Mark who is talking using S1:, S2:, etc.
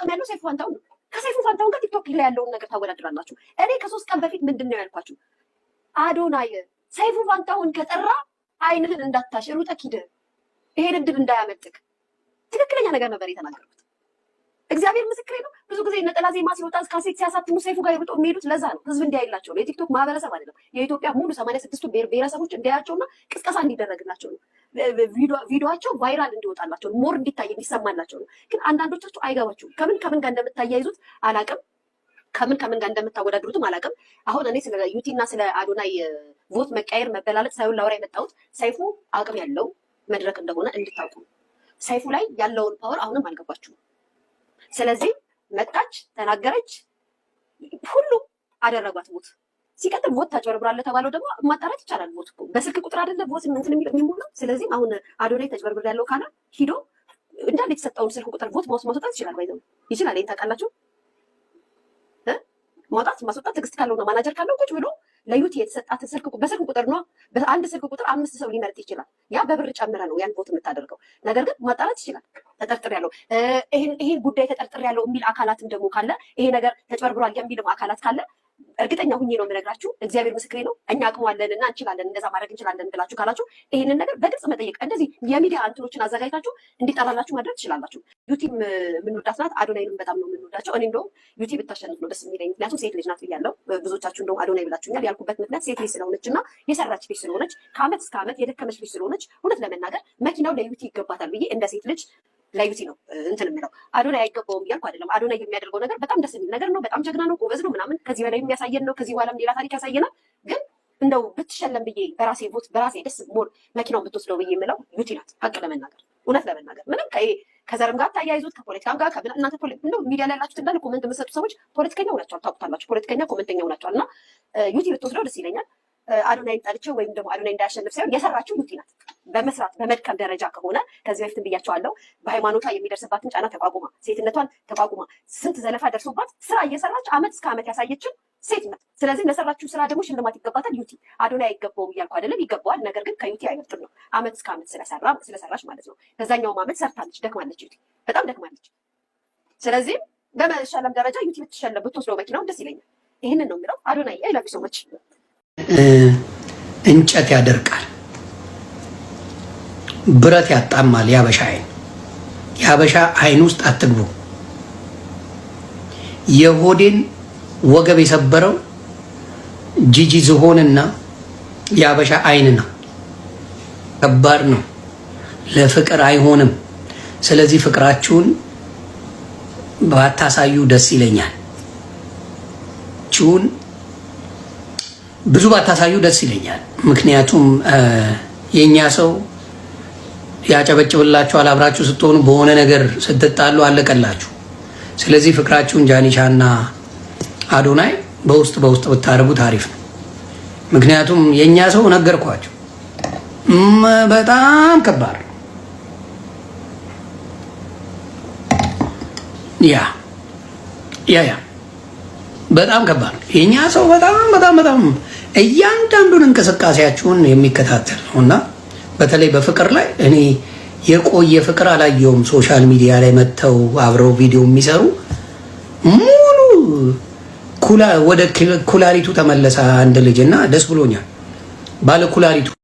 S1: አቅም ያለው ሰይፉ ፋንታሁን ነው። ከሰይፉ ፋንታሁን ጋር ቲክቶክ ላይ ያለውን ነገር ታወዳድራላችሁ። እኔ ከሶስት ቀን በፊት ምንድን ነው ያልኳችሁ? አዶናይ ሰይፉ ፋንታሁን ከጠራ አይንህን እንዳታሽ ሩጠህ ሂድ፣ ይሄን እድል እንዳያመልጥክ። ትክክለኛ ነገር ነበር የተናገርኩት። እግዚአብሔር ምስክሬ ነው። ብዙ ጊዜ ነጠላ ዜማ ሲወጣ ካሴት ሲያሳትሙ ሰይፉ ጋር የብጦ የሚሄዱት ለዛ ነው። ህዝብ እንዲያይላቸው ነው። የቲክቶክ ማህበረሰብ አይደለም። የኢትዮጵያ ሙሉ ሰማንያ ስድስቱ ብሔረሰቦች እንዲያያቸውና ቅስቀሳ እንዲደረግላቸው ነው። ቪዲዮቸው ቫይራል እንዲወጣላቸው ሞር እንዲታይ እንዲሰማላቸው ነው። ግን አንዳንዶቻቸው አይገባችሁም። ከምን ከምን ጋር እንደምታያይዙት አላቅም። ከምን ከምን ጋር እንደምታወዳድሩትም አላቅም። አሁን እኔ ስለ ዩቲ እና ስለ አዶናይ ቮት መቀየር መበላለጥ ሳይሆን ላውራ የመጣሁት ሰይፉ አቅም ያለው መድረክ እንደሆነ እንድታውቁ ነው። ሰይፉ ላይ ያለውን ፓወር አሁንም አልገባችሁም። ስለዚህ መጣች፣ ተናገረች፣ ሁሉም አደረጓት ሞት። ሲቀጥል ሞት ተጭበርብሯል ለተባለው ደግሞ ማጣራት ይቻላል። ሞት በስልክ ቁጥር አደለ ሞት እንትን የሚሞላው። ስለዚህም አሁን አዶናይ ተጭበርብር ያለው ካለ ሂዶ እንዳንድ የተሰጠውን ስልክ ቁጥር ሞት ማውስ ማስወጣት ይችላል። ባይዘው ይችላል። ይህን ታውቃላችሁ። ማውጣት ማስወጣት ትዕግስት ነው። ማናጀር ካለው ቁጭ ብሎ ለዩቲ የተሰጣት ስልክ በስልክ ቁጥር ነው። በአንድ ስልክ ቁጥር አምስት ሰው ሊመርጥ ይችላል። ያ በብር ጨምረ ነው ያን ቦት የምታደርገው ነገር ግን ማጣራት ይችላል። ተጠርጥር ያለው ይሄ ጉዳይ ተጠርጥር ያለው የሚል አካላትም ደግሞ ካለ ይሄ ነገር ተጭበርብሯል የሚልም አካላት ካለ እርግጠኛ ሁኜ ነው የምነግራችሁ። እግዚአብሔር ምስክሬ ነው። እኛ አቅሟለን እና እንችላለን፣ እንደዛ ማድረግ እንችላለን ብላችሁ ካላችሁ ይህንን ነገር በግልጽ መጠየቅ፣ እንደዚህ የሚዲያ እንትኖችን አዘጋጅታችሁ እንዲጠላላችሁ ማድረግ ትችላላችሁ። ዩቲም የምንወዳት ናት። አዶናይንም በጣም ነው የምንወዳቸው። እኔ እንደውም ዩቲ ብታሸንፍ ነው ደስ የሚለኝ፣ ምክንያቱም ሴት ልጅ ናት ብያለሁ። ብዙዎቻችሁ እንደውም አዶናይ ብላችሁኛል። ያልኩበት ምክንያት ሴት ልጅ ስለሆነች እና የሰራች ልጅ ስለሆነች ከአመት እስከ አመት የደከመች ልጅ ስለሆነች እውነት ለመናገር መኪናው ለዩቲ ይገባታል ብዬ እንደ ሴት ልጅ ለዩቲ ነው እንትን የሚለው አዶናይ አይገባውም እያልኩ አይደለም። አዶናይ የሚያደርገው ነገር በጣም ደስ የሚል ነገር ነው። በጣም ጀግና ነው፣ ጎበዝ ነው ምናምን ከዚህ በላይ የሚያሳየን ነው። ከዚህ በኋላም ሌላ ታሪክ ያሳየናል። ግን እንደው ብትሸለም ብዬ በራሴ ቦት በራሴ ደስ ሞር መኪናው ብትወስደው ብዬ የምለው ዩቲ ናት። ሀቅ ለመናገር እውነት ለመናገር ምንም ከይ ከዘርም ጋር ታያይዙት ከፖለቲካም ጋር እናንተ እንደው ሚዲያ ላይ ያላችሁት እንዳለ ኮመንት የምትሰጡ ሰዎች ፖለቲከኛ ሆናችኋል፣ ታውቁታላችሁ። ፖለቲከኛ ኮመንተኛ ሆናችኋል። እና ዩቲ ብትወስደው ደስ ይለኛል። አዶናይን ጠልቼው ወይም ደግሞ አዶናይ እንዳያሸንፍ ሳይሆን የሰራችው ዩቲ ናት። በመስራት በመድከም ደረጃ ከሆነ ከዚህ በፊት ብያቸዋለሁ። በሃይማኖቷ የሚደርስባትን ጫና ተቋቁማ ሴትነቷን ተቋቁማ ስንት ዘለፋ ደርሶባት ስራ እየሰራች አመት እስከ አመት ያሳየችን ሴት ናት። ስለዚህ ለሰራችው ስራ ደግሞ ሽልማት ይገባታል። ዩቲ አዶና አይገባውም እያልኩ አይደለም፣ ይገባዋል። ነገር ግን ከዩቲ አይበልጥም ነው አመት እስከ አመት ስለሰራች ማለት ነው። ከዛኛውም አመት ሰርታለች፣ ደክማለች። ዩቲ በጣም ደክማለች። ስለዚህም በመሸለም ደረጃ ዩቲ ብትሸለም ብትወስደው መኪናው ደስ ይለኛል። ይህንን ነው የሚለው አዶናይ። አይላቢ ሰዎች
S2: እንጨት ያደርቃል ብረት ያጣማል ያበሻ አይን። ያበሻ አይን ውስጥ አትግቡ። የሆዴን ወገብ የሰበረው ጂጂ ዝሆንና ያበሻ አይን ነው። ከባድ ነው፣ ለፍቅር አይሆንም። ስለዚህ ፍቅራችሁን ባታሳዩ ደስ ይለኛል። ችሁን ብዙ ባታሳዩ ደስ ይለኛል። ምክንያቱም የእኛ ሰው ያጨበጭብላችኋል። አብራችሁ ስትሆኑ በሆነ ነገር ስትጣሉ አለቀላችሁ። ስለዚህ ፍቅራችሁን ጃኒሻና አዶናይ በውስጥ በውስጥ ብታደርጉት አሪፍ ነው። ምክንያቱም የእኛ ሰው ነገርኳቸው በጣም ከባድ ያ ያ ያ በጣም ከባድ የእኛ ሰው በጣም በጣም በጣም እያንዳንዱን እንቅስቃሴያችሁን የሚከታተል ነውና በተለይ በፍቅር ላይ እኔ የቆየ ፍቅር አላየውም። ሶሻል ሚዲያ ላይ መጥተው አብረው ቪዲዮ የሚሰሩ ሙሉ ወደ ኩላሊቱ ተመለሰ አንድ ልጅ እና ደስ ብሎኛል ባለ ኩላሊቱ